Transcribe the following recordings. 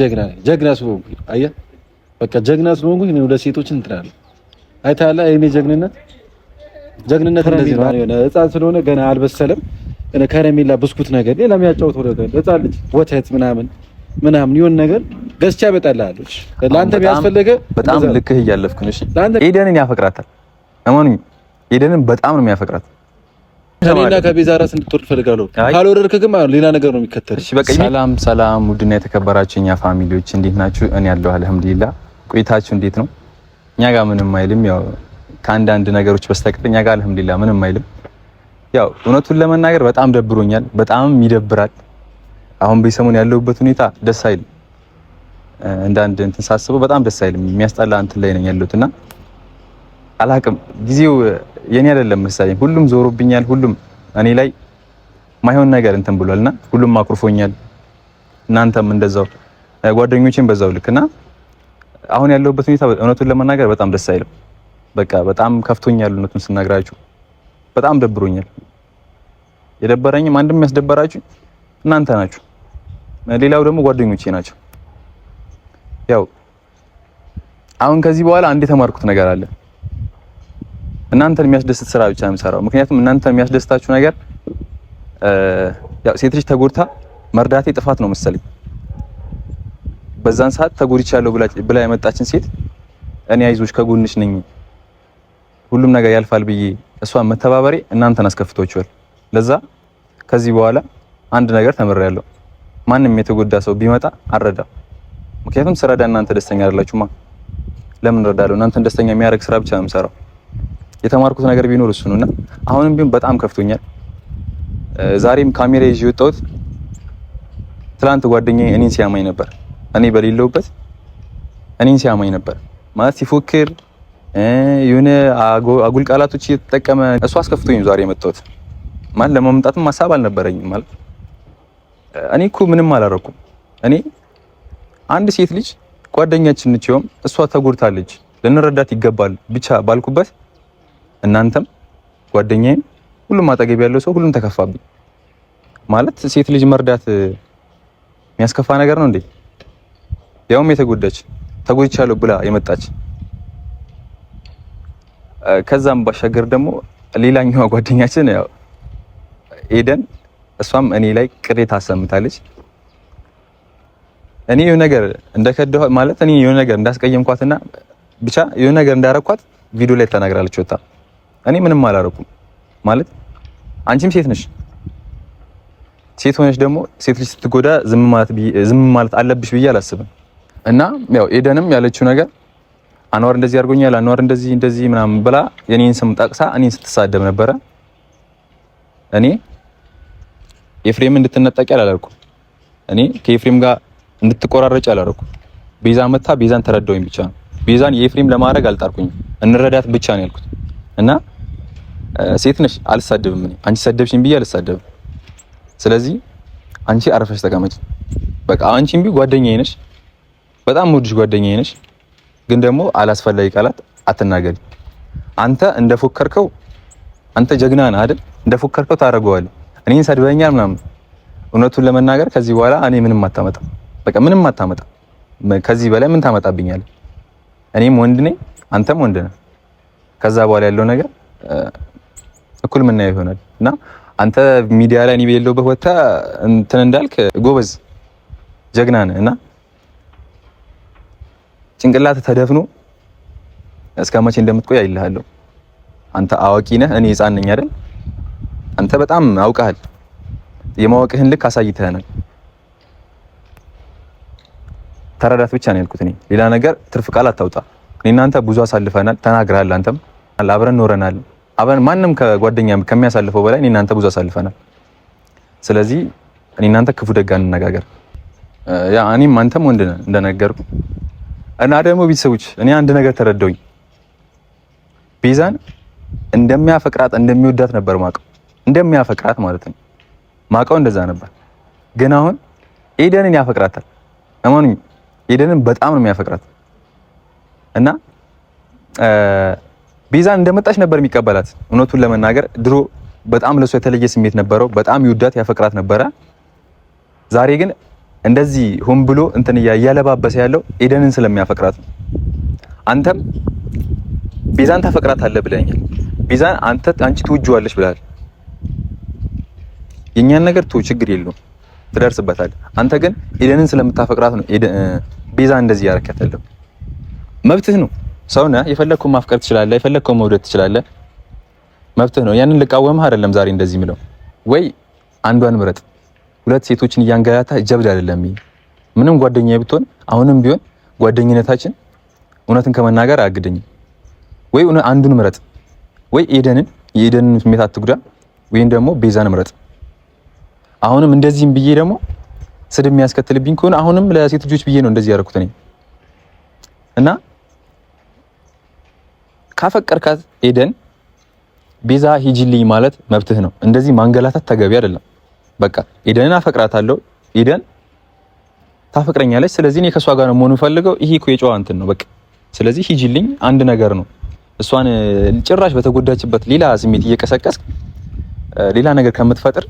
ጀግና ጀግና ስለሆንኩኝ አየህ፣ በቃ ጀግና ስለሆንኩኝ እኔ ሁለት ሴቶችን እንትናለሁ። አይተሀል የእኔ ጀግንነት ጀግንነት እንደዚህ ነው። ሕፃን ስለሆነ ገና አልበሰለም። ከረሜላ ብስኩት ነገር ሌላም ያጫውተው ነገር ሕፃን ልጅ ወተት ምናምን ምናምን ይሁን ነገር ገዝቼ አመጣልሃለሁ። ለአንተ ቢያስፈልገ በጣም ልክህ እያለፍክ ነው። እሺ ኤደንን ያፈቅራታል። አማኑኝ ኤደንን በጣም ነው የሚያፈቅራት እኔና ከቤዛ ራስ እንድትወርድ ፈልጋለሁ። ካልወረድክ ግን ሌላ ነገር ነው የሚከተል። ሰላም ሰላም፣ ውድና የተከበራችሁ እኛ ፋሚሊዎች እንዴት ናችሁ? እኔ ያለው አልሐምዱሊላ። ቆይታችሁ እንዴት ነው? እኛ ጋር ምንም አይልም፣ ያው ከአንዳንድ ነገሮች በስተቀር እኛ ጋር አልሐምዱሊላ ምንም አይልም። ያው እውነቱን ለመናገር በጣም ደብሮኛል፣ በጣም ይደብራል። አሁን በሰሞን ያለሁበት ሁኔታ ደስ አይልም። እንዳንድ እንትን ሳስበው በጣም ደስ አይልም። የሚያስጠላ እንትን ላይ ነኝ ያለሁትና አላቅም ጊዜው የኔ አይደለም መሰለኝ ሁሉም ዞሮብኛል። ሁሉም እኔ ላይ ማይሆን ነገር እንትን ብሏልና ሁሉም አኩርፎኛል። እናንተም እንደዛው ጓደኞቼም በዛው ልክና አሁን ያለሁበት ሁኔታ እውነቱን ለመናገር በጣም ደስ አይልም። በቃ በጣም ከፍቶኛል። እውነቱን ስናግራችሁ በጣም ደብሮኛል። የደበረኝም አንድም ያስደበራችሁ እናንተ ናችሁ። ሌላው ደግሞ ጓደኞቼ ናቸው። ያው አሁን ከዚህ በኋላ አንድ የተማርኩት ነገር አለ እናንተን የሚያስደስት ስራ ብቻ ነው የምሰራው። ምክንያቱም እናንተን የሚያስደስታችሁ ነገር ያው ሴት ልጅ ተጎድታ መርዳቴ ጥፋት ነው መሰለኝ። በዛን ሰዓት ተጎድቻለሁ ብላ የመጣችን ሴት እኔ አይዞሽ ከጎንሽ ነኝ ሁሉም ነገር ያልፋል ብዬ እሷን መተባበሬ እናንተን አስከፍቶችዋል። ለዛ ከዚህ በኋላ አንድ ነገር ተምሬያለሁ። ማንም የተጎዳ ሰው ቢመጣ አረዳ። ምክንያቱም ስረዳ እናንተ ደስተኛ አይደላችሁማ። ለምን እረዳለሁ? እናንተን ደስተኛ የሚያደርግ ስራ ብቻ ነው የምሰራው። የተማርኩት ነገር ቢኖር እሱ ነውና አሁንም ቢሆን በጣም ከፍቶኛል። ዛሬም ካሜራ ይዤ የወጣሁት ትላንት ጓደኛዬ እኔን ሲያማኝ ነበር። እኔ በሌለውበት እኔን ሲያማኝ ነበር ማለት ሲፎክር የሆነ አጉል ቃላቶች እየተጠቀመ እሱ አስከፍቶኝ ዛሬ የመጣሁት ማለት ለመምጣትም ሀሳብ አልነበረኝም። ማለት እኔ እኮ ምንም አላረኩም። እኔ አንድ ሴት ልጅ ጓደኛችን ነች፣ እሷ ተጎድታለች፣ ልንረዳት ይገባል ብቻ ባልኩበት እናንተም ጓደኛዬም ሁሉም አጠገብ ያለው ሰው ሁሉም ተከፋብኝ። ማለት ሴት ልጅ መርዳት የሚያስከፋ ነገር ነው እንዴ? ያውም የተጎዳች ተጎድቻለሁ ብላ የመጣች ከዛም ባሻገር ደግሞ ሌላኛዋ ጓደኛችን ያው ኤደን እሷም እኔ ላይ ቅሬታ አሰምታለች። እኔ የሆነ ነገር እንደከደኋ ማለት እኔ የሆነ ነገር እንዳስቀየምኳትና ብቻ የሆነ ነገር እንዳረኳት ቪዲዮ ላይ ተናግራለች ወጣ እኔ ምንም አላረኩም ማለት አንቺም ሴት ነሽ። ሴት ሆነሽ ደግሞ ሴት ልጅ ስትጎዳ ዝም ማለት ዝም ማለት አለብሽ ብዬ አላስብም። እና ያው ኤደንም ያለችው ነገር አንዋር እንደዚህ አድርጎኛል፣ አንዋር እንደዚህ እንደዚህ ምናምን ብላ የኔን ስም ጠቅሳ እኔን ስትሳደብ ነበረ። እኔ ኤፍሬም እንድትነጠቂ አላደረኩም። እኔ ከኤፍሬም ጋር እንድትቆራረጭ አላደረኩም። ቤዛ መታ ቤዛን ተረዳውኝ ብቻ ነው። ቤዛን የኤፍሬም ለማድረግ አልጣርኩኝም። እንረዳት ብቻ ነው ያልኩት እና ሴት ነሽ፣ አልሳደብም። እኔ አንቺ ሰደብሽኝ ብዬ አልሳደብም። ስለዚህ አንቺ አረፈሽ ተቀመጭ። በቃ አንቺም ቢ ጓደኛዬ ነሽ፣ በጣም ወድሽ ጓደኛዬ ነሽ። ግን ደግሞ አላስፈላጊ ቃላት አትናገሪ። አንተ እንደፎከርከው አንተ ጀግና ነህ አይደል? እንደፎከርከው ታደርገዋለህ። እኔን ሰድበኛል ምናምን። እውነቱን ለመናገር ከዚህ በኋላ እኔ ምንም አታመጣም። በቃ ምንም አታመጣም። ከዚህ በላይ ምን ታመጣብኛለህ? እኔም ወንድ ነኝ፣ አንተም ወንድ ነህ። ከዛ በኋላ ያለው ነገር እኩል ምናየው ይሆናል እና አንተ ሚዲያ ላይ እኔ በሌለሁበት ወታ እንትን እንዳልክ ጎበዝ ጀግና ነህ እና ጭንቅላት ተደፍኖ እስከ መቼ እንደምትቆይ አይልሃለሁ። አንተ አዋቂ ነህ፣ እኔ ህፃን ነኝ አይደል? አንተ በጣም አውቀሃል። የማወቅህን ልክ አሳይተህናል። ተረዳት ብቻ ነው ያልኩት እኔ። ሌላ ነገር ትርፍ ቃል አታውጣ። እኔ እናንተ ብዙ አሳልፈናል፣ ተናግረሃል። አንተም አብረን ኖረናል። አብረን ማንም ከጓደኛ ከሚያሳልፈው በላይ እኔ እናንተ ብዙ አሳልፈናል። ስለዚህ እኔ እናንተ ክፉ ደጋ እንነጋገር። ያ እኔም አንተም ወንድ ነን እንደነገርኩ እና ደግሞ ቤተሰቦች እኔ አንድ ነገር ተረዳሁኝ። ቤዛን እንደሚያፈቅራት እንደሚወዳት ነበር ማቀው፣ እንደሚያፈቅራት ማለት ነው ማቀው እንደዛ ነበር። ግን አሁን ኤደንን ያፈቅራታል። እመኑኝ ኤደንን በጣም ነው የሚያፈቅራት እና ቤዛን እንደመጣች ነበር የሚቀበላት። እውነቱን ለመናገር ድሮ በጣም ለሷ የተለየ ስሜት ነበረው። በጣም ይወዳት ያፈቅራት ነበረ። ዛሬ ግን እንደዚህ ሆን ብሎ እንትን እያለባበሰ ያለው ኤደንን ስለሚያፈቅራት ነው። አንተም ቤዛን ታፈቅራታለህ ብለኛል። ቤዛን አንተ አንቺ ትውጅዋለች ብላል። የእኛን ነገር ቶ ችግር የለውም ትደርስበታል። አንተ ግን ኤደንን ስለምታፈቅራት ነው ቤዛ እንደዚህ ያረከተለው። መብትህ ነው። ሰውነ የፈለግከውን ማፍቀር ትችላለህ፣ የፈለግከውን መውደድ ትችላለህ፣ መብትህ ነው። ያንን ልቃወምህ አይደለም። ዛሬ እንደዚህ ምለው ወይ አንዷን ምረጥ። ሁለት ሴቶችን እያንገላታ ጀብድ አይደለም። ምንም ጓደኛ ብትሆን አሁንም ቢሆን ጓደኝነታችን እውነትን ከመናገር አያግደኝም። ወይ አንዱን ምረጥ፣ ወይ ኤደንን የኤደንን ስሜት አትጉዳ፣ ወይም ደግሞ ቤዛን ምረጥ። አሁንም እንደዚህም ብዬ ደግሞ ስድብ የሚያስከትልብኝ ከሆነ አሁንም ለሴት ልጆች ብዬ ነው እንደዚህ ያደረኩት እኔ እና ካፈቀርካት ኤደን ቤዛ ሂጂልኝ ማለት መብትህ ነው። እንደዚህ ማንገላታት ተገቢ አይደለም። በቃ ኤደንን አፈቅራታለሁ፣ ኤደን ታፈቅረኛለች። ስለዚህ እኔ ከእሷ ጋር ነው መሆን ፈልገው። ይሄ እኮ የጨዋ እንትን ነው በቃ። ስለዚህ ሂጂልኝ አንድ ነገር ነው። እሷን ጭራሽ በተጎዳችበት ሌላ ስሜት እየቀሰቀስ ሌላ ነገር ከምትፈጥር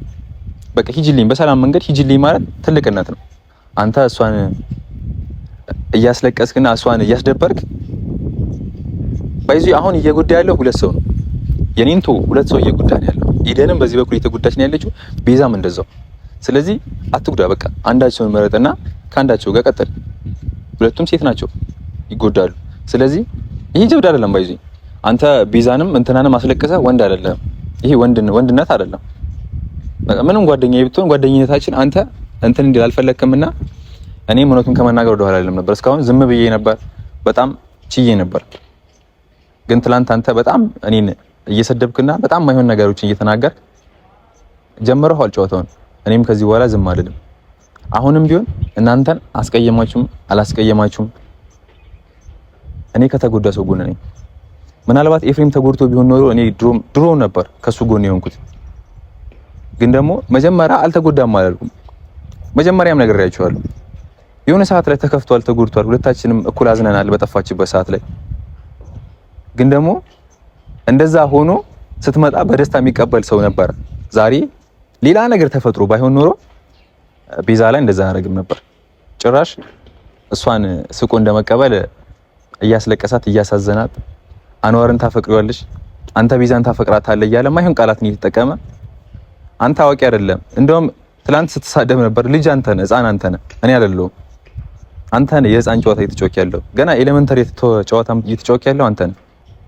በቃ ሂጂልኝ፣ በሰላም መንገድ ሂጂልኝ ማለት ትልቅነት ነው። አንተ እሷን እያስለቀስክና እሷን እያስደበርክ ባይዚ አሁን እየጎዳ ያለው ሁለት ሰው ነው። የኔንቶ ሁለት ሰው እየጎዳ ነው ያለው። ኢደንም በዚህ በኩል እየተጎዳች ነው ያለችው፣ ቤዛም እንደዛው። ስለዚህ አትጉዳ፣ በቃ አንዳቸውን መረጥና ከአንዳቸው ጋር ቀጥል። ሁለቱም ሴት ናቸው፣ ይጎዳሉ። ስለዚህ ይሄ ጀብድ አይደለም። ባይዙ አንተ ቤዛንም እንትናንም አስለቀሰ ወንድ አይደለም ይሄ ወንድነት አይደለም። ምንም ጓደኛ ብትሆን ጓደኝነታችን አንተ እንትን እንዲል አልፈለክምና እኔም እውነቱን ከመናገር ወደኋላ አይደለም ነበር። እስካሁን ዝም ብዬ ነበር፣ በጣም ችዬ ነበር። ግን ትላንት አንተ በጣም እኔን እየሰደብክና በጣም ማይሆን ነገሮችን እየተናገርክ ጀምረዋል ጨዋታውን። እኔም ከዚህ በኋላ ዝም አልልም። አሁንም ቢሆን እናንተን አስቀየማችሁም አላስቀየማችሁም እኔ ከተጎዳ ሰው ጎን ነኝ። ምናልባት ኤፍሬም ተጎድቶ ቢሆን ኖሮ እኔ ድሮ ነበር ከሱ ጎን የሆንኩት። ግን ደግሞ መጀመሪያ አልተጎዳም አላልኩም። መጀመሪያም ነግሬያቸዋለሁ። የሆነ ሰዓት ላይ ተከፍቷል፣ ተጎድቷል። ሁለታችንም እኩል አዝነናል በጠፋችበት ሰዓት ላይ ግን ደግሞ እንደዛ ሆኖ ስትመጣ በደስታ የሚቀበል ሰው ነበር። ዛሬ ሌላ ነገር ተፈጥሮ ባይሆን ኖሮ ቤዛ ላይ እንደዛ አያደርግም ነበር። ጭራሽ እሷን ስቆ እንደመቀበል እያስለቀሳት እያሳዘናት አንዋርን ታፈቅሪዋለሽ አንተ ቤዛን ታፈቅራታለህ እያለ ማይሆን ቃላትን እየተጠቀመ አንተ አዋቂ አይደለም እንደውም ትላንት ስትሳደብ ነበር። ልጅ አንተ ነህ፣ ህፃን አንተ ነህ፣ እኔ አይደለሁም። አንተ ነህ የህፃን ጨዋታ እየተጫወክ ያለው ገና ኤሌመንተሪ ጨዋታ እየተጫወክ ያለው አንተ ነህ።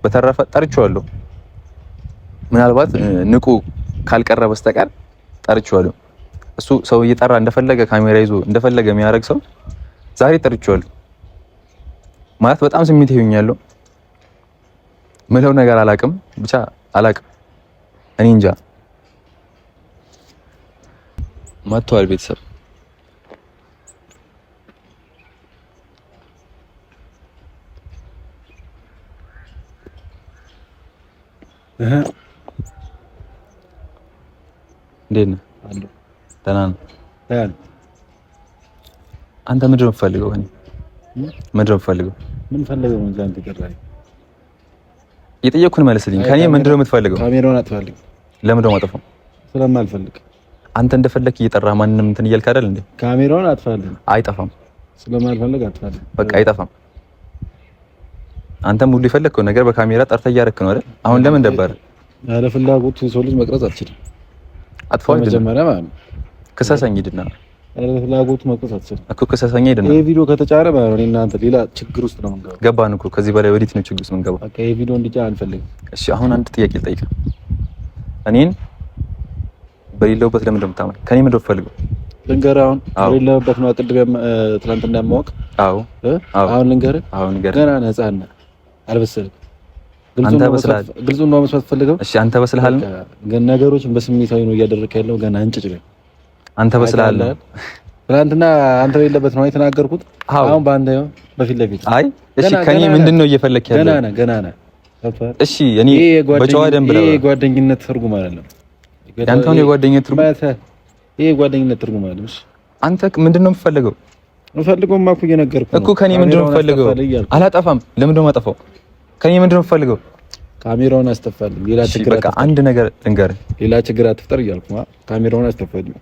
በተረፈ ጠርቼዋለሁ። ምናልባት ንቁ ካልቀረ በስተቀር ጠርቼዋለሁ። እሱ ሰው እየጠራ እንደፈለገ ካሜራ ይዞ እንደፈለገ የሚያደርግ ሰው ዛሬ ጠርቼዋለሁ። ማለት በጣም ስሜት ይሆኛለሁ። ምለው ነገር አላቅም፣ ብቻ አላቅም። እኔ እንጃ መጥተዋል ቤተሰብ እንዴት ነህ? ደህና ነህ? አንተ ምንድን ነው የምትፈልገው? እኔ ምንድን ነው የምትፈልገው? ምን ፈልገው? ምን ዛንተ ይቀራል? የጠየቅኩህን መልስልኝ። ከኔ ምንድን ነው የምትፈልገው? ካሜራውን አትፈልግ። ለምን ደው ማጠፋው? ስለማልፈልግ አንተ እንደፈለክ እየጠራህ ማንንም እንትን እያልክ አይደል እንዴ? ካሜራውን አጥፋልኝ። አይጠፋም። ስለማልፈልግ አትፈልግ። በቃ አይጠፋም። አንተም ሁሉ የፈለግከው ነገር በካሜራ ጠርተህ እያደረክ ነው አይደል? አሁን ለምን ደበረ? ያለ ፍላጎት የሰው ልጅ መቅረጽ አትችልም። አጥፋው መጀመሪያ ማለት ነው። ክሰሰኝ ሂድና ያለ ፍላጎት መቅረጽ አትችልም እኮ ክሰሰኝ ሂድና። ይሄ ቪዲዮ ከተጫረ ማለት ነው እናንተ ሌላ ችግር ውስጥ ነው የምንገባው። ገባን እኮ ከዚህ በላይ ወዴት ነው ችግር ውስጥ የምንገባው? በቃ ይሄ ቪዲዮ እንዲጫ አንፈልግም። እሺ አሁን አንድ ጥያቄ ልጠይቅ። እኔን በሌለውበት ለምን እንደምታመል ከኔ ምንድን ፈልገው የምትፈልገው? ልንገርህ አሁን በሌለውበት ነው ቅድም ትናንትና እንደማወቅ አዎ አሁን ልንገርህ፣ ገና ነፃ ነህ አልበሰልም። ግልጹን ነው መስማት ፈልገው። እሺ አንተ በስልሃል፣ ግን ነገሮችን በስሜታዊ ነው እያደረክ ያለው። ገና እንጭጭ ነው። አንተ በስልሃል። ትናንትና አንተ የለበት ነው የተናገርኩት። አሁን በአንተ ይሁን በፊት ለፊት። አይ እሺ፣ ከኔ ምንድን ነው እየፈለክ ያለው? ገና ነህ፣ ገና ነህ። እሺ እኔ በጨዋ ደንብ ነው። ይሄ ጓደኝነት ትርጉም አይደለም። ነው የጓደኝነት ትርጉም ይሄ ጓደኝነት ትርጉም አይደለም። አንተ ምንድን ነው የምፈልገው? ምፈልገው ማኩ እየነገርኩ እኮ ከኔ ምንድነው ፈልገው? አላጠፋም። ለምንድነው የማጠፋው? ከኔ ምንድነው ፈልገው? ካሜራውን አስተፋልኝ። ሌላ ችግር በቃ አንድ ነገር እንገር፣ ሌላ ችግር አትፍጠር እያልኩ ካሜራውን አስተፋልኝ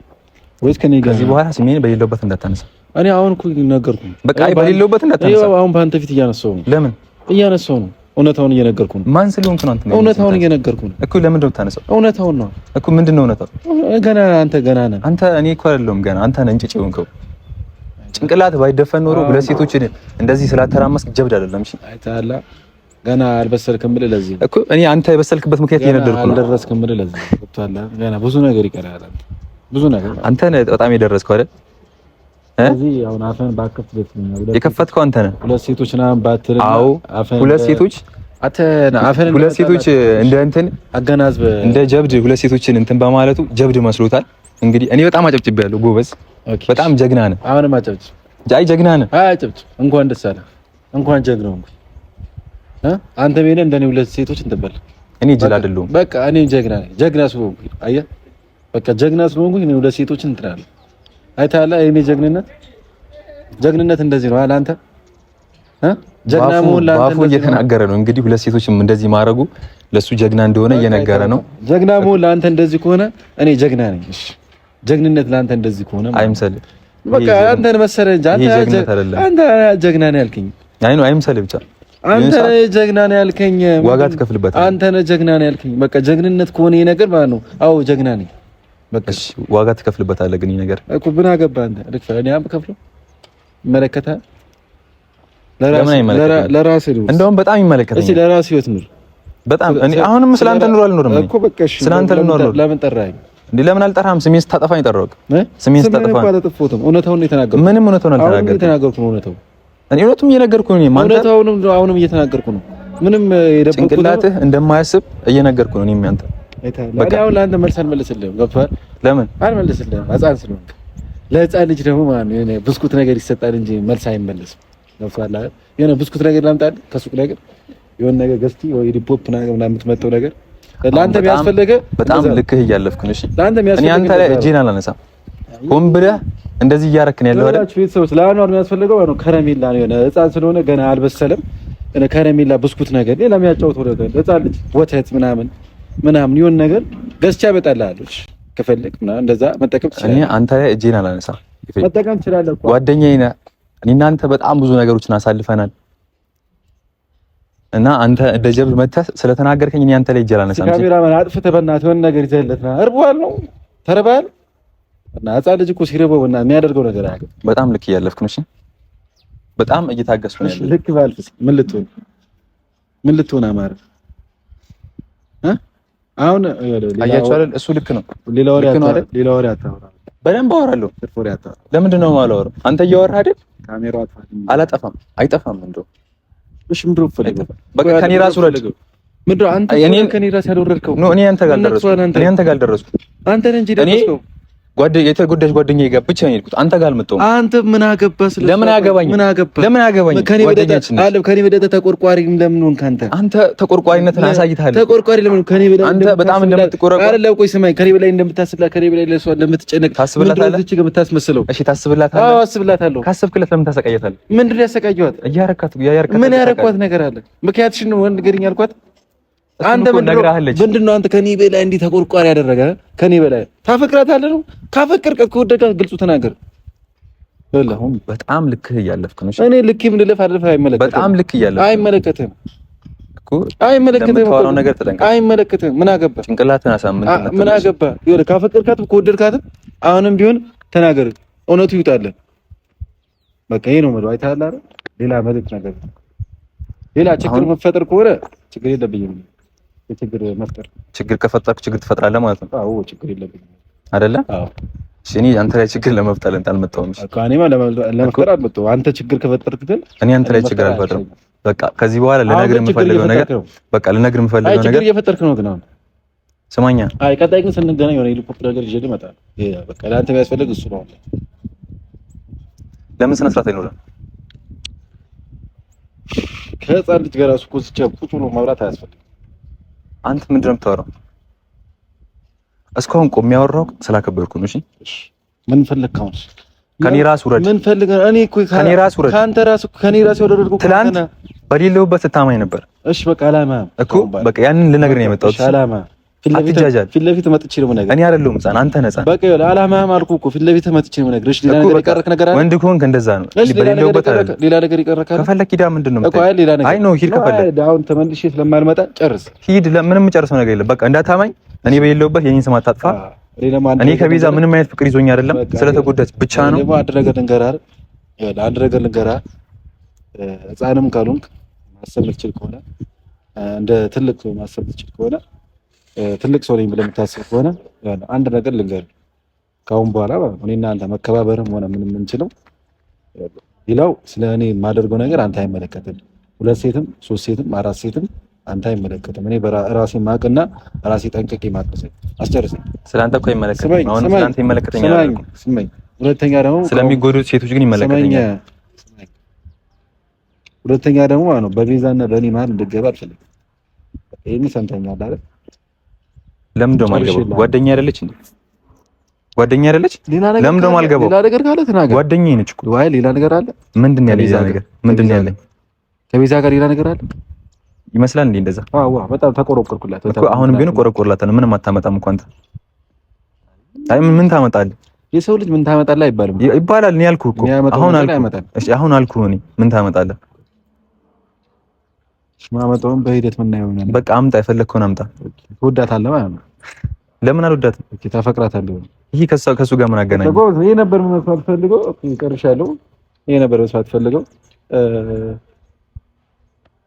ወይስ ከኔ ጋር ከዚህ በኋላ ስሜን በሌለውበት እንዳታነሳ። እኔ አሁን እኮ ነገርኩህ። በቃ በሌለውበት እንዳታነሳ። አሁን በአንተ ፊት እያነሳው ነው። ለምን እያነሳው ነው? እውነታውን እየነገርኩ ነው። ማን ስለሆንክ ነው አንተ? እውነታውን እየነገርኩ ነው እኮ። ለምንድን ነው የምታነሳው? እውነታውን ነው እኮ። ምንድን ነው እውነታው? ገና አንተ ገና ነህ አንተ። እኔ እኮ አይደለሁም ገና አንተ ነህ እንጭጭ የሆንከው ጭንቅላት ባይደፈን ኖሮ ሁለት ሴቶችን እንደዚህ ስላተራመስክ ጀብድ አይደለም። እሺ አይታላ ገና አልበሰልክም ብለህ ለዚህ እኮ እኔ አንተ የበሰልክበት ምክንያት የነደርኩ ነው። አልደረስክም ብለህ ለዚህ ገብቶሃል። ገና ብዙ ነገር ይቀራል። ብዙ ነገር አንተ ነህ በጣም የደረስከው አይደል? እዚህ አሁን አፈን ባከፍት ደስ የከፈትከው አንተ ነህ። ሁለት ሴቶች ናም ባትል አዎ፣ ሁለት ሴቶች አፈን ሁለት ሴቶች እንደ እንትን አገናዝብ እንደ ጀብድ ሁለት ሴቶችን እንትን በማለቱ ጀብድ መስሎታል። እንግዲህ እኔ በጣም አጨብጭብ ያለው ጎበዝ፣ በጣም ጀግና ነህ። አሁንም አጨብጭብ። አይ ጀግና ነህ። አይ አጨብጭብ። እንኳን ደስ አለህ። እንኳን ጀግና ሆንኩ። አንተ ቤነ እንደኔ ሁለት ሴቶች እንጠበል። እኔ ጅል አይደለሁም። በቃ እኔ ጀግና ነኝ። ጀግና ስለሆንኩ አየህ፣ በቃ ጀግና ስለሆንኩ እኔ ሁለት ሴቶች እንትናለሁ። አይተሀል። የእኔ ጀግንነት ጀግንነት እንደዚህ ነው። አንተ ጀግና መሆን ለአንተ እየተናገረ ነው። እንግዲህ ሁለት ሴቶችም እንደዚህ ማድረጉ ለሱ ጀግና እንደሆነ እየነገረ ነው። ጀግና መሆን ለአንተ እንደዚህ ከሆነ እኔ ጀግና ነኝ። እሺ ጀግንነት ለአንተ እንደዚህ ከሆነ አይምሰል። በቃ አንተን መሰለህ እንጂ አንተ ጀግና ነህ ያልከኝ። አይ ነው አይምሰልህ ብቻ አንተ ጀግና ነህ ያልከኝ። ዋጋ ትከፍልበታለህ። አንተ ነህ ጀግና ነህ ያልከኝ። በቃ ጀግንነት ከሆነ ይሄ ነገር ማለት ነው። አዎ ጀግና ነኝ። በቃ እሺ፣ ዋጋ ትከፍልበታለህ። ግን ይሄ ነገር እኮ ምን አገባህ አንተ? ልክ እኔ አም ከፍሎ ይመለከታል። ለራስህ ነው። እንደውም በጣም ይመለከታል። እሺ፣ ለራስህ ህይወት ኑር። በጣም እኔ አሁንም ስላንተ ኑሮ አልኖርም እኮ በቃ እሺ፣ ስላንተ ልኖር ነው። ለምን ጠራኸኝ? እንዴ ለምን አልጠራህም? ስሜን ስታጠፋ ነው የጠራሁት። ስሜን ስታጠፋ ምንም እኔ እየነገርኩህ ነው። አሁንም ነው። ምንም ጭንቅላትህ እንደማያስብ እየነገርኩህ ነው። እኔም አሁን ለአንተ መልስ አልመለስልህም። ገብቶሃል? ለምን አልመለስልህም? ሕፃን ስለሆንክ ልጅ ደግሞ ማለት ነው የሆነ ብስኩት ነገር ይሰጣል እንጂ መልስ አይመለስም። ገብቶሃል? የሆነ ብስኩት ነገር ላምጣልህ ከሱቅ ነገር የሆነ ነገር ገዝተህ ወይ ዲፖፕ ነገር ምናምን የምትመጣው ነገር ለአንተ የሚያስፈልገ በጣም ልክህ እያለፍክ ነው። እሺ ለአንተ ቢያስፈልገ እኔ አንተ ላይ እጄን አላነሳም። ሆን ብለህ እንደዚህ እያረክ ያለው አይደል? ቤተሰቦች ለአኗር የሚያስፈልገው ነው ከረሜላ ነው። የሆነ ህፃን ስለሆነ ገና አልበሰለም። ከረሜላ ብስኩት ነገር፣ ሌላ የሚያጫውተው ነገር ህፃን ልጅ ወተት ምናምን ምናምን ይሁን ነገር ገዝቼ አመጣልሃለሁ ከፈለክ ምናምን እንደዛ መጠቀም ትችላለህ። እኔ አንተ ላይ እጄን አላነሳም። መጠቀም ትችላለህ። ጓደኛዬ ነህ። እኔ እናንተ በጣም ብዙ ነገሮችን አሳልፈናል። እና አንተ እንደ ጀብድ መተህ ስለተናገርከኝ እኔ አንተ ላይ እጄ አላነሳም። ካሜራማን አጥፍተህ በእናትህ የሆነ ነገር ይዘህለት ና። እርቦሃል ነው ተርበሃል። እና ሕፃን ልጅ እኮ ሲርበው እና የሚያደርገው ነገር አለ። በጣም ልክ እያለፍክ ነው። እሺ በጣም እየታገስኩ ነው ያለው። ልክ ባልፍስ ምን ልትሆን ምን ልትሆን አማረ እ አሁን አያችሁ አይደል? እሱ ልክ ነው። ሌላ ወሬ አታወራ፣ ሌላ ወሬ አታወራ። በደንብ አወራለሁ። ለምንድን ነው የማላወራው? አንተ እያወራህ አይደል? ካሜራው አላጠፋም፣ አይጠፋም እንደው እሺ ፈለገ በቃ ከኔ ራስ አንተ ከኔ ራስ ነው። እኔ አንተ ጋር እኔ አንተ ጋር ደረስኩ። አንተ ነህ እንጂ የተጎዳች ጓደኛ ጋር ብቻ ነው የሄድኩት። አንተ ጋር አልመጣሁም። አንተ ምን አገባህ? ለምን አገባኝ? ምን አገባኝ? ለምን አገባኝ? ከኔ በደጠ ተቆርቋሪ ለምን ሆንክ አንተ? አንተ ተቆርቋሪነትን አሳይተሃል። ተቆርቋሪ ለምን ሆንክ? ከኔ በላይ አንተ በጣም እንደምትቆረቁ አይደለም። ቆይ ስማኝ፣ ከኔ በላይ እንደምታስብላት፣ ከኔ በላይ ለእሷ እንደምትጨነቅ ታስብላታለህ። እዚህ የምታስመስለው እሺ፣ ታስብላታለህ። አዎ አስብላታለሁ። ካሰብክለት ለምን ታሰቃያታለህ? ምንድን ነው ያሰቃየኋት? እያረካት ምን ያረኳት ነገር አለ? ምክንያትሽን ነው ወንድ ገድኝ አልኳት አንተ ምንድን ነው አንተ ከኔ በላይ እንዲህ ተቆርቋሪ ያደረገ? ከኔ በላይ ታፈቅራታለህ ነው? ካፈቀርክ ከወደድካት ግልጹ ተናገር። አሁን በጣም ልክ እያለፍክ ነው። እኔ ልክ ምን ምንልፍ አይደለፍ አይመለከትም። በጣም ልክ እያለፍክ አይመለከትም እኮ አይመለከትም። ተዋራው ነገር ተጠንቀቅ። አይመለከትም። ምን አገባ ጭንቅላትን አሳምን ምን አገባ? ይወለ ካፈቀርካት ከወደድካት አሁንም ቢሆን ተናገር፣ እውነቱ ይውጣለን። በቃ ይሄ ነው ማለት አይደል ሌላ መልእክት ነገር ሌላ ችግር መፈጠር ከሆነ ችግር የለብኝም። የችግር መፍጠር ችግር ከፈጠርክ ችግር ትፈጥራለህ ማለት ነው። አዎ ችግር የለብኝም አይደለ? አዎ። እሺ እኔ አንተ ላይ ችግር ለመፍጠር እንትን አልመጣሁም። እሺ እኔ ለመፍጠር አልመጣሁም። አንተ ችግር ከፈጠርክ ግን እኔ አንተ ላይ ችግር አልፈጥርም። በቃ ከዚህ በኋላ ልነግርህ የምፈልገው ነገር በቃ ልነግርህ የምፈልገው ነገር ችግር እየፈጠርክ ነው ግን አሁን ስማኛ። አይ ቀጣይ ግን ስንገናኝ የሆነ ሄሊኮፕተር ነገር ይዤ ልመጣል። ይሄ በቃ ለአንተ የሚያስፈልግ እሱ ነው። ለምን ስነ ስርዓት አይኖርም? ከህፃን ልጅ ጋር እሱ እኮ ቁጭ ብሎ ማውራት አያስፈልግም። አንተ ምንድን ነው የምታወራው? እስካሁን ቆም ያወራሁ ስላከበርኩ ነው። እሺ ምን ፈልግ ከሆነ ከኔ ራስ ውረድ። ምን ፈልግ? እኔ እኮ ከኔ ራስ ውረድ። ከአንተ ራስ ከኔ ራስ ወደረድኩ። ትናንት በሌለሁበት ስታማኝ ነበር። እሺ በቃ አላማ እኮ በቃ ያንን ልነግርህ ነው የመጣሁት። እሺ አላማ ፊት ለፊት መጥቼ ነው የምነግርህ። እኔ አይደለሁም ህፃን፣ አንተ ነህ ህፃን። በቃ ይኸውልህ አላማህም አልኩህ እኮ ፊት ለፊት መጥቼ ነው የምነግርህ። እሺ፣ ሌላ ነገር የቀረህ ነገር አለ? ወንድ ከሆንክ እንደዛ ነው። እሺ፣ ሌላ ነገር የቀረህ አለ? ከፈለክ ሂድ። ምንድን ነው የምታይ? አይ ነው ሂድ፣ ከፈለክ አሁን ተመልሼ ስለማልመጣ ጨርስ፣ ሂድ። ለምንም የምጨርሰው ነገር የለም። በቃ እንዳታማኝ፣ እኔ በሌለሁበት የእኔን ስም አታጥፋ። እኔ ከቤዛ ምንም አይነት ፍቅር ይዞኝ አይደለም፣ ስለተጎዳች ብቻ ነው። አንድ ነገር ልንገርህ፣ አንድ ነገር ልንገርህ። ህፃንም ካልሆንክ ማሰብ ልችል ከሆነ እንደ ትልቅ ማሰብ ልችል ከሆነ ትልቅ ሰው ነኝ ብለህ የምታስብ ከሆነ አንድ ነገር ልንገርህ፣ ከአሁን በኋላ እኔና አንተ መከባበርም ሆነ ምን የምንችለው ሌላው ስለ እኔ የማደርገው ነገር አንተ አይመለከትም። ሁለት ሴትም ሶስት ሴትም አራት ሴትም አንተ አይመለከትም። እኔ ራሴ ማቅና ራሴ ጠንቅቄ ማቅሰ አስጨርሰኝ። ስለአንተ እኮ ይመለከተኛል። ሁለተኛ ደግሞ ስለሚጎዱት ሴቶች ግን ይመለከተኛል። ሁለተኛ ደግሞ ነው በቤዛና በእኔ መሀል እንድገባ አልፈልግም። ይህን ሰምተኛል አይደል? ለምን ደሞ አልገባው? ጓደኛ አይደለች እንዴ? ጓደኛ አይደለች? ለምን ደሞ አልገባው? ሌላ ነገር ካለ ተናገር። ጓደኛዬ ነች እኮ። ዋይ ሌላ ነገር አለ? ምንድን ነው ያለኝ? ነገር ምንድን ነው ያለኝ? ከቤዛ ጋር ሌላ ነገር አለ ይመስላል እንዴ? እንደዛ አዎ። በጣም ተቆረቆርኩላት እኮ። አሁንም ቢሆን ቆረቆርላታለሁ። ምንም አታመጣም እኮ አንተ። አይ ምን ታመጣለህ? የሰው ልጅ ምን ታመጣለህ አይባልም። ይባላል። እኔ አልኩህ እኮ አሁን አልኩህ። እሺ አሁን አልኩህ። እኔ ምን ታመጣለህ ማመጣውን በሂደት ምናየው ይሆናል። በቃ አምጣ፣ የፈለግከውን አምጣ። ትወዳታለህ ማለት ነው። ለምን አልወዳትም? ኦኬ፣ ታፈቅራታለህ። ይሄ ከሱ ከሱ ጋር ምን አገናኘ? ይሄ ነበር መስማት ፈልገው። ኦኬ፣ ጨርሻለሁ። ይሄ ነበር መስማት ፈልገው።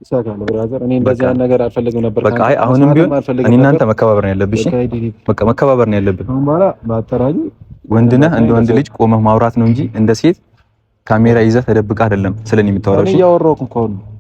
ይሳካል ብራዘር። እኔ እንደዚህ አይነት ነገር አልፈልግም ነበር። በቃ አይ፣ አሁንም ቢሆን እኔ እናንተ መከባበር ነው ያለብሽ። በቃ መከባበር ነው ያለብን። አሁን በኋላ ባጠራኝ ወንድ ነህ፣ እንደ ወንድ ልጅ ቆመህ ማውራት ነው እንጂ እንደ ሴት ካሜራ ይዘህ ተደብቀህ አይደለም ስለኔ የምታወራው። እሺ፣ እያወራሁህ እኮ ነው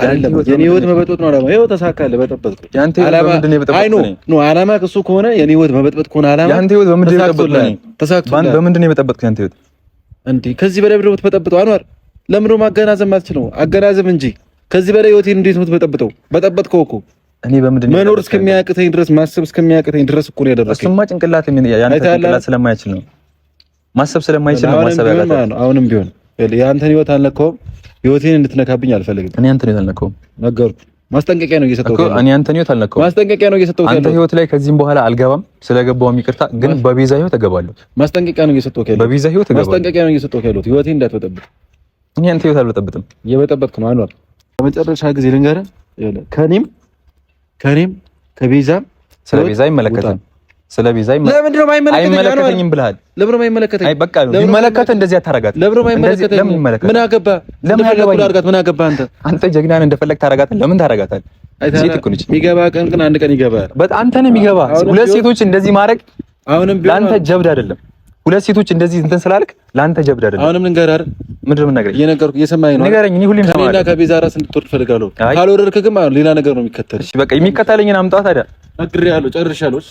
አይደለም የኔ ህይወት መበጥበጥ ነው አላማ። ይኸው እሱ ከሆነ የኔ ህይወት መበጥበጥ ከሆነ አላማ በምንድን ነው የበጠበጥኩት? ያንተ ህይወት እንዴ ከዚህ በላይ ብለህ የምትበጠብጠው አንዋር፣ ለምን ነው ማገናዘብ ማትችለው? አገናዘብ እንጂ ከዚህ በላይ ህይወቴን እንዴት ነው የምትበጠብጠው? በጠበጥከው እኮ እኔ በምንድን ነው መኖር እስከሚያቅተኝ ድረስ ማሰብ እስከሚያቅተኝ ድረስ እኮ ነው ያደረከኝ። እሱማ ጭንቅላት ያንተ ጭንቅላት ስለማይችል ነው ማሰብ ስለማይችል ነው ማሰብ ያላታ አሁንም ቢሆን ያንተን ህይወት አልነካውም ህይወቴን እንድትነካብኝ አልፈልግም። እኔ አንተን ህይወት አልነካውም። ነገርኩህ። ማስጠንቀቂያ ነው እየሰጠሁህ ያለው። እኔ አንተን ህይወት አልነካውም። ማስጠንቀቂያ ነው እየሰጠሁህ ያለው። አንተ ህይወት ላይ ከዚህም በኋላ አልገባም። ስለገባሁም ይቅርታ፣ ግን በቤዛ ህይወት እገባለሁ። ማስጠንቀቂያ ነው እየሰጠሁህ ያለው። በቤዛ ህይወት እገባለሁ። ማስጠንቀቂያ ነው እየሰጠሁህ ያለው። ህይወቴን እንዳትበጠብጥ። እኔ አንተ ህይወት አልበጠብጥም። እየበጠበጥክ ነው አንዋር። ለመጨረሻ ጊዜ ልንገርህ፣ ከእኔም ከእኔም ከቤዛም ስለ ቤዛ ይመለከታል ስለ ቤዛ አይመለከተኝም ብለሃል። ለምን የማይመለከተኝ? አይ በቃ ይመለከተ እንደዚህ አታረጋት። ለምን የማይመለከተኝ? ምን አገባ? ለምን አንተ አንተ ጀግናን እንደፈለግ ታረጋት። ለምን ታረጋታል? ሴት እኮ ነች። የሚገባ ቀን ግን አንድ ቀን ይገባል። አንተ ነው የሚገባ። ሁለት ሴቶች እንደዚህ ማድረግ ለአንተ ጀብድ አይደለም። ሁለት ሴቶች እንደዚህ እንትን ስላልክ ለአንተ ጀብድ አይደለም። አሁንም ልንገርህ አይደል? ምንድን ነው የምንነግረኝ? እየነገርኩህ እየሰማኸኝ ነው። ንገረኝ። እኔ ሁሌም ሰማኸኝ። ከእኔና ከቤዛ ራስ እንድትወርድ እፈልጋለሁ። ካልወረድክ ግን ሌላ ነገር ነው የሚከተልህ። እሺ በቃ የሚከተለኝን አምጣት። ታዲያ ነግሬሃለሁ፣ ጨርሻለሁ።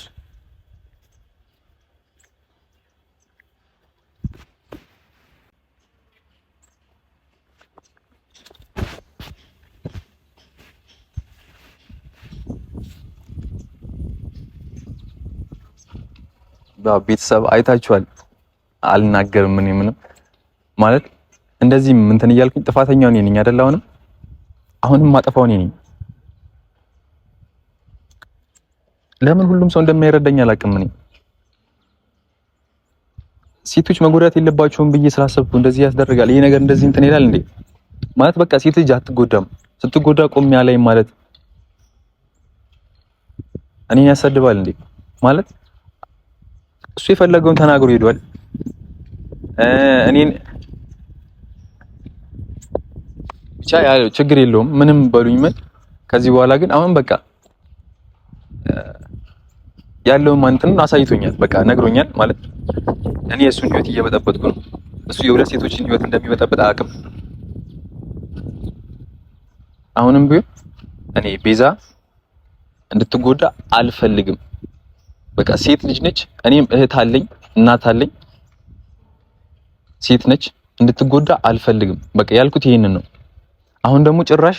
ቤተሰብ አይታችኋል። አልናገርም ምን ምንም ማለት እንደዚህ እንትን እያልኩኝ ጥፋተኛው እኔ ነኝ አይደል? አሁንም አሁንም ማጠፋው እኔ ነኝ። ለምን ሁሉም ሰው እንደማይረዳኝ አላውቅም። እኔ ሴቶች መጎዳት የለባቸውም ብዬ ስላሰብኩ እንደዚህ ያስደርጋል ይሄ ነገር እንደዚህ እንትን ይላል እንዴ ማለት በቃ ሴት ልጅ አትጎዳም፣ ስትጎዳ ቆም ያለኝ ማለት እኔን ያሳድባል እንዴ ማለት እሱ የፈለገውን ተናግሮ ሄዷል። እኔን ብቻ ያለው ችግር የለውም ምንም በሉኝ ምን ከዚህ በኋላ ግን አሁን በቃ ያለውን ማንተን አሳይቶኛል። በቃ ነግሮኛል ማለት እኔ የእሱን ህይወት እየበጠበጥኩ ነው። እሱ የሁለት ሴቶችን ህይወት እንደሚበጠበጥ አያውቅም። አሁንም ቢሆን እኔ ቤዛ እንድትጎዳ አልፈልግም። በቃ ሴት ልጅ ነች። እኔም እህት አለኝ እናት አለኝ ሴት ነች። እንድትጎዳ አልፈልግም። በቃ ያልኩት ይሄንን ነው። አሁን ደግሞ ጭራሽ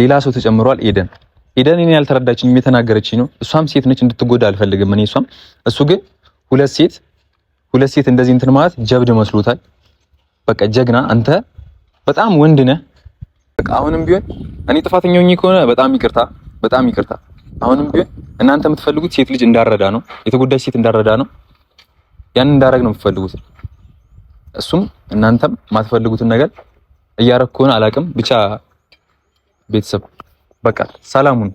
ሌላ ሰው ተጨምሯል። ኤደን ኤደን እኔን ያልተረዳችኝም የተናገረችኝ ነው። እሷም ሴት ነች፣ እንድትጎዳ አልፈልግም። እኔ እሷም እሱ ግን ሁለት ሴት ሁለት ሴት እንደዚህ እንትን ማለት ጀብድ መስሎታል። በቃ ጀግና አንተ በጣም ወንድ ነህ። በቃ አሁንም ቢሆን እኔ ጥፋተኛ ሆኜ ከሆነ በጣም ይቅርታ፣ በጣም ይቅርታ። አሁንም ግን እናንተ የምትፈልጉት ሴት ልጅ እንዳረዳ ነው፣ የተጎዳች ሴት እንዳረዳ ነው። ያንን እንዳረግ ነው የምትፈልጉት። እሱም እናንተም የማትፈልጉትን ነገር እያረግ ከሆነ አላቅም። ብቻ ቤተሰብ በቃ ሰላሙን